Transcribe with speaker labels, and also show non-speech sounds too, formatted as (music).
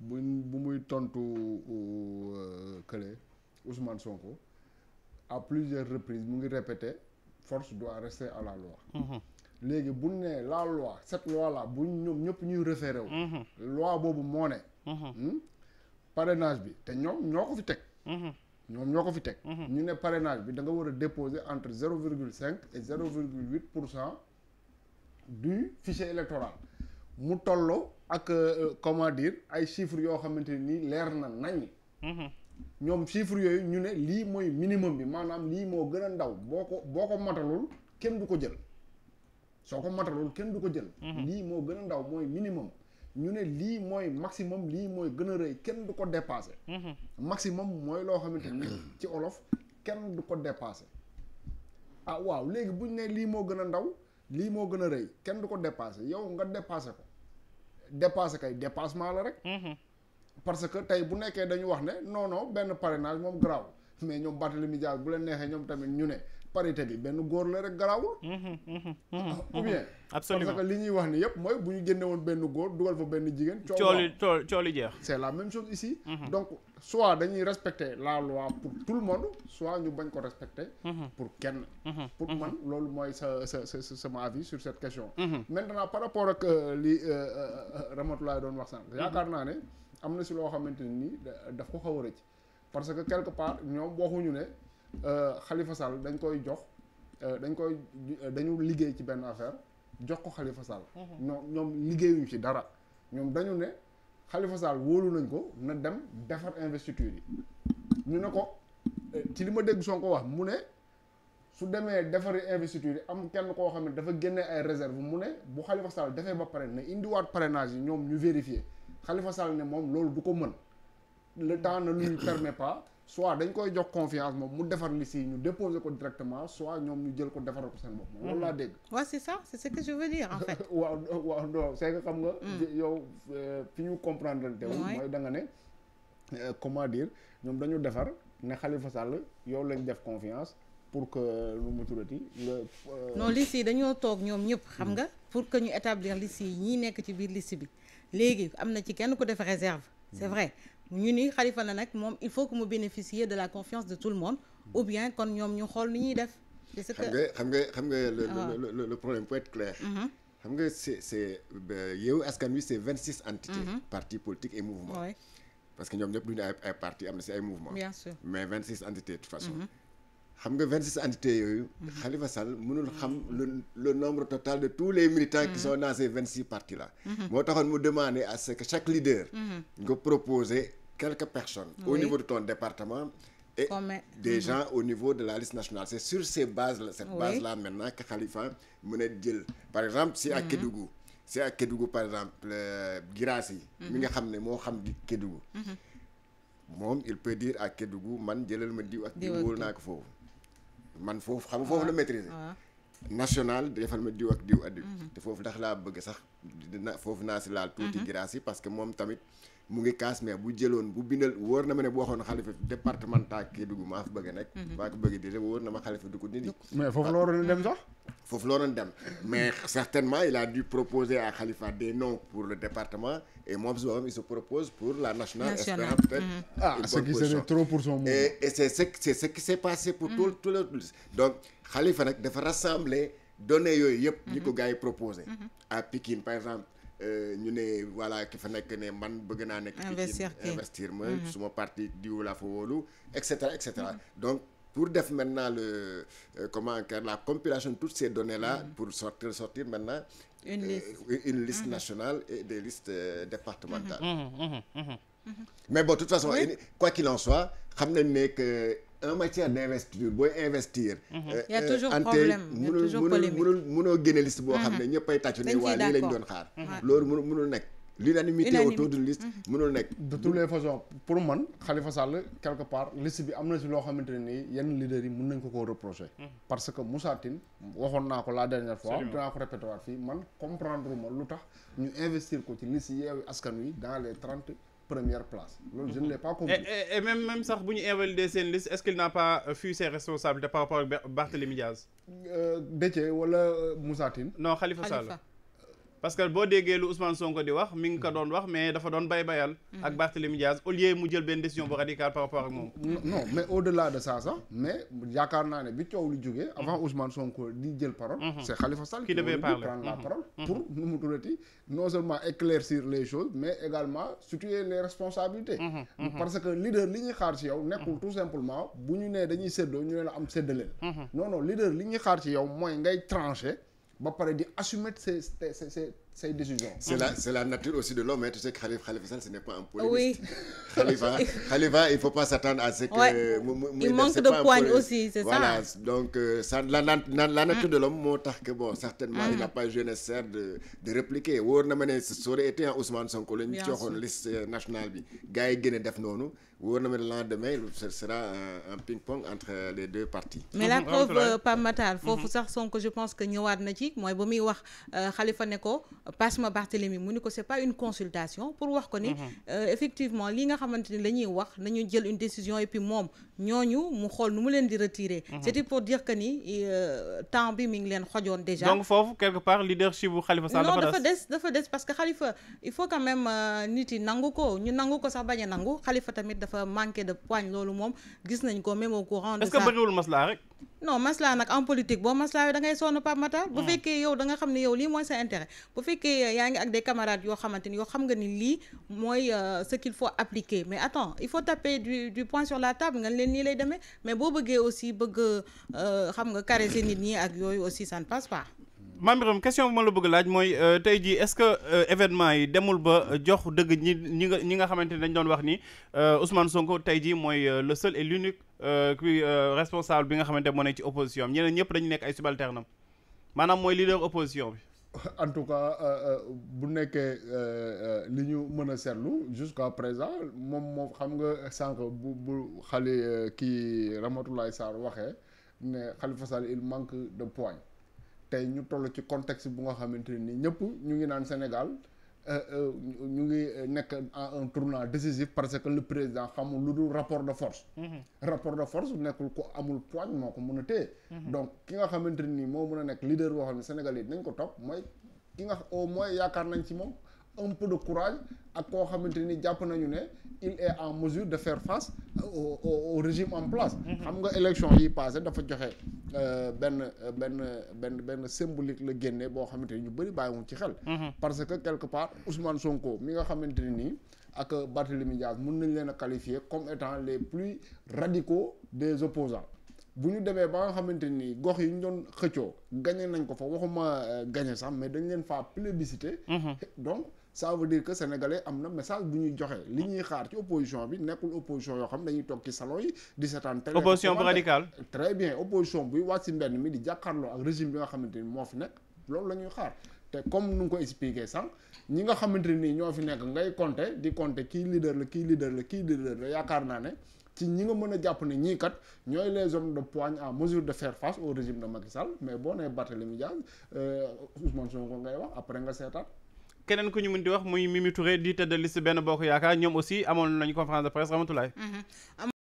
Speaker 1: bu bu muy tontu euh, kële Ousmane Sonko à plusieurs reprises mu ngi répété force doit rester à la loi. Mhm. léegi bu ne la loi cette loi là bu ñoom ñëpp ñuy référé wu. Mhm. loi boobu moo ne. Mhm. Hmm? parrainage bi te ñoom ñoo ko fi teg. ñoom ñoo ko fi teg. ñu ne parrainage bi danga nga war a déposer entre zéro virgule cinq et pour cent du fichier électoral mu tolloo. ak euh, comment dire ay chiffres yoo xamante ni leer na nañ. Mhm. ñoom chiffres yooyu ñu ne lii mooy minimum bi maanaam lii moo gën a ndaw boo ko boo ko matalul kenn du ko jël soo ko matalul kenn du ko jël. Mhm. lii moo gën a ndaw mooy minimum. ñu ne lii mooy maximum lii mooy gën a rëy kenn du ko dépassé. Mhm. maximum mooy loo xamante ni ci olof kenn du ko dépassé. ah waaw léegi bu ñu ne lii moo gën a ndaw lii moo gën a rëy kenn du ko dépassé yow nga dépassé ko. dépassé kay dépassement la rek. Mm-hmm. parce que tey bu nekkee dañu wax ne non benn parrainage moom garaaw. mais ñoom Barthélémy Dias bu leen neexee ñoom tamit ñu ne parité bi benn góor la rek garaawul. ou bien. absolument parce li ñuy wax ni yëpp mooy bu ñu génne woon benn góor dugal fa benn jigéen. coolu coolu coolu jeex. c'est la même chose ici. Mhm. donc soit dañuy respecter la loi pour tout le monde soit ñu bañ ko respecter. Mhm. pour kenn. Mhm. pour man loolu mooy sa sa sa sama avis sur cette question. maintenant par rapport ak euh, li euh, euh, Ramatoulaye doon wax sànq. yaakaar naa ne am na si loo xamante ni daf ko xaw a parce que quelque part ñoom waxuñu ne euh, Khalifa Sall dañ koy jox euh, dañ koy euh, dañu liggéey ci benn affaire jox ko Khalifa Sall. ñoom mhm. ñoom liggéeyuñu ci dara ñoom dañu ne Khalifa Sall wóolu nañ ko na dem defar investiture yi ñu ne ko ci li ma dégg ko wax mu ne su demee defari investiture yi am kenn koo xam ne dafa génne ay réserve mu ne bu Khalifa Sall defee ba pare ne indiwaat parrainage yi ñoom ñu vérifier Khalifa Sall ne moom loolu du ko mën. le temps na lui permet pas soit dañ koy jox confiance moom mu defar li si ñu déposer ko directement soit ñoom ñu jël ko defaral ko seen bopp. loolu laa mm. dégg.
Speaker 2: waaw c'est ça c'est ce que
Speaker 1: je dire en fait. (laughs) waaw waaw non c'est xam nga. Mm. yow euh, fi ñu comprendre leen. mooy danga nga ne euh, comment dire ñoom dañu defar ne Khalifa Sall yow lañ def confiance. pour que lu mu tuddati euh, noonu liste
Speaker 2: yi dañoo toog ñoom ñëpp xam nga pour que ñu établir liste yi ñii nekk ci biir liste bi léegi am na ci kenn ku def réserve mu ñu ni Khalifa la nag moom il faut que mu bénéficier de la confiance de tout le monde ou bien kon ñoom ñu xool nu ñuy def. c'est
Speaker 3: xam nga xam nga ah. le le le problème peut être clair. Mm-hmm. xam nga c'est c'est euh, Yewwi Askan Wi c'est vingt six entités. Mm-hmm. partis politiques et mouvements. parce que ñoom ñëpp duñu ay ay partis am na si ay mouvements. bien sûr mais vingt six entités de façon. Mm-hmm. xam nga vingt six entités yooyu. Khalifa Sall mënul xam le le nombre total de tous les militants. qui sont dans ces vingt six partis là. Mhm. moo taxoon mu demander à ce que chaque leader. Mhm. nga proposer quelques personnes. au niveau de ton département. et des mhm. gens au niveau de la liste nationale c'est sur ces bases là cette base là maintenant que Khalifa mën a jël par exemple si à Kédougou si à Kédougou par exemple yi euh, mi nga xam ne moo xam di Kédougou moom il peut dire à man jëlal ma diw ak diw naa ko foofu man foofu xam nga foofu la ah. maîtriser. Ah. national defal ma diw ak diw addu mhm. te foofu ndax laa bëgg sax dina foofu naa si laal tuuti mhm. grâce parce que moom tamit mu ngi kaas mais bu jëloon bu bindal wóor na ma ne bu waxoon xalifa départemental Kédougou maa fi bëgg a nekk mhm. maa ko bëgg a diré wóor na ma xalifa du ko dindi
Speaker 1: mais foofu la waroon
Speaker 3: dem sax foofu la waroon dem mais certainement il a dû proposer à Khalifa des noms pour le département et moom si boppam il se propose pour la nationale espérant mhm. ah, trop pour son mouvement et, c'est ce qui s'est passé pour mhm. tout tout le donc Khalifa nag dafa rassembler données Euh, ñu ne voilà ki fa nekk ne man bëgg naa nekk. investir investir ma. Mhm. suma parti diw laa fa wóolu et cetera mhm. donc. pour def maintenant le euh, comment la compilation de toutes ces données là mmh. pour sortir sortir maintenant une euh, liste, une liste mmh. nationale et des listes euh, mhm. mais bon toute façon quoi qu'il en soit xam nañ ne en matière d' investiture booy investir. Mhm. Euh, y' a euh, toujours problème a toujours génne liste boo xam ne mhm. ñëppay tàccu ne waa lii lañ doon xaar. loolu mënul mënul nekk. l'unanimité autour d'une liste mhm. mënul
Speaker 1: nekk. de toutes les façons pour man Khalifa Sall quelque part liste bi am na ci loo xamante nii yenn leaders yi mën nañ ko koo reprocher. parce que Moussa waxoon naa ko la dernière fois. man comprendre ma lu tax ñu investir ko ci liste Yewwi Askan Wi dans les trente. première place loolu je ne l'ai pas compris et, et, et même même sax bu ñu invalider seen liste est-ce qu'il n'a pas euh, fui ses responsabilités par rapport ak Barthélémy Diaz euh, Déthié wala euh, Moussa Tine non Khalifa Sall parce que boo déggee lu Ousmane Sonko di wax mi ngi ko mm. doon wax mais dafa doon bay bayal mm. ak Barthélémy Diaz au lieu mu jël benn décision mm, mais au delà de ça les choses mais également situer les responsabilités mm-hmm. Mm-hmm. li ñuy xaar ci yow nekkul tout simplement bu ñu nee dañuy séddoo ñu ne la am séddaleel mm-hmm. non non leader li ñuy xaar ci yow mooy ngay trancher ba pare di assumer ses ses ses c'est la
Speaker 3: c'est la nature aussi de l'homme tu sais Khalifa Khalifa Sall ce n'est pas un polémiste. (laughs) Khalifa Khalifa il faut pas s'attendre à ce que. Ouais. mu manque de poigne aussi c'est voilà. ça. voilà donc euh, ça la la la nature de l'homme moo tax que bon mm. certainement. Mm. il n'a pas eu nécessaire de répliquer wóor na ma ne ça aurait été un Ousmane son la ñu. bien sûr liste euh, nationale bi gars yi gën def noonu. wóor na ma le lendemain ce sera un, un ping-pong entre les deux parties. mais la preuve euh,
Speaker 2: mm-hmm. foofu sax Sonko je pense que ñëwaat na ci mooy ba muy wax euh, Khalifa ne ko passe ma Barthélemy mu ni ko c'est pas une consultation pour wax ko ni. Mm-hmm. Euh, effectivement li nga xamante ni la ñuy wax nañu jël une décision et puis moom ñooñu mu xool nu mu leen di retirer. Mm-hmm. c'était pour dire que ni temps bi mu ngi leen xojoon déjà. donc
Speaker 1: foofu quelque part leadership bu Khalifa Sall
Speaker 2: dafa des parce que Khalifa il faut quand même nit yi ko ñu nangu ko sax bañ a nangu tamit. dafa manqué de poigne loolu moom gis nañ ko même au courant de ça est-ce que bëriwul maslaa rek non maslaa nag en da ngay sonn Pape Matar bu hmm. fekkee yow da xam ne yow lii mooy sa bu fekkee yaa ngi ak des camarades yoo xamante ni yoo xam nga ni lii mooy euh, ce qu'il faut appliquer mais attends il faut taper du du poing sur la table nga leen nii lay demee mais boo bëggee aussi bëgg euh, xam nga caresser nit ñi ak yooyu aussi ça ne
Speaker 1: Mame Birame question bu bëgg laaj mooy euh, tey jii est-ce que euh, événement yi demul ba jox dëgg ñi ñi nga ñi nga xamante ne dañ doon wax ni euh, Ousmane Sonko tey jii mooy le seul et l'unique kii responsable bi nga xamante moo ne ci opposition bi ñeneen ñëpp dañu nekk ay subalterne maanaam mooy leader opposition bi. en tout cas bu nekkee li ñu mën a seetlu jusqu'à présent moom moo xam nga sànq bu bu xale kii Ramatoulaye Sarr waxee ne Khalifa il manque de poigne. tey ñu toll ci contexte bu nga xamante ne nii ñëpp ñu ngi naan Sénégal euh, euh, ñu ngi euh, nekk à un tournant décisif parce que le président xamul lu dul rapport de force. Mhm. rapport de force nekkul ko amul poigne moo ko mën a téye. Mhm. donc ki nga xamante ne nii moo mun a nekk leader boo xam ne Sénégal yi dinañ ko topp mooy ki nga au moins yaakaar nañ ci moom un peu de courage ak koo xamante ni jàpp nañu ne il est en mesure de faire face au au, au régime en place. Mhm. xam nga élection yi passé dafa joxe. Euh, benn euh, benn benn benn symbolique la génne boo xamante ni ñu bëri bàyyiwuñ ci xel. Mhm. parce que quelque part Ousmane Sonko mi nga xamante ne nii ak Barthélémy Dias mun nañ leen a qualifier comme étant les plus radicaux des opposants bu ñu demee ba nga xamante ni gox yi ñu doon xëccoo gagné nañ ko fa waxuma euh, gagné sax mais dañ leen faa plébiscité. Mhm. donc ça veut que sénégalais am na message bu ñuy joxe li ñuy xaar ci opposition bi nekkul opposition yoo xam dañuy toog ci salon yi di seetaan télé opposition bu radicale très bien opposition buy wàcc ci mbenn mi di jàkkaarloo ak régime bi nga xamante ni moo fi nekk loolu la ñuy xaar te comme nu ngi ko expliqué sànq ñi nga xamante nii ñoo fi nekk ngay compter di compter kii leader la kii leader la kii leader la yaakaar naa ne ci ñi nga mën a jàpp ne ñii kat ñooy les hommes de poigne en mesure de faire face au régime de Macky Sall mais boo nee Barthélémy Diaz euh, Ousmane Sonko ngay wax après nga seetaat keneen ku ñu mën di wax muy Mimi di tête de liste benn yaakaar ñoom aussi amoon nañu conférence de presse Ramatoulaye
Speaker 2: mm-hmm.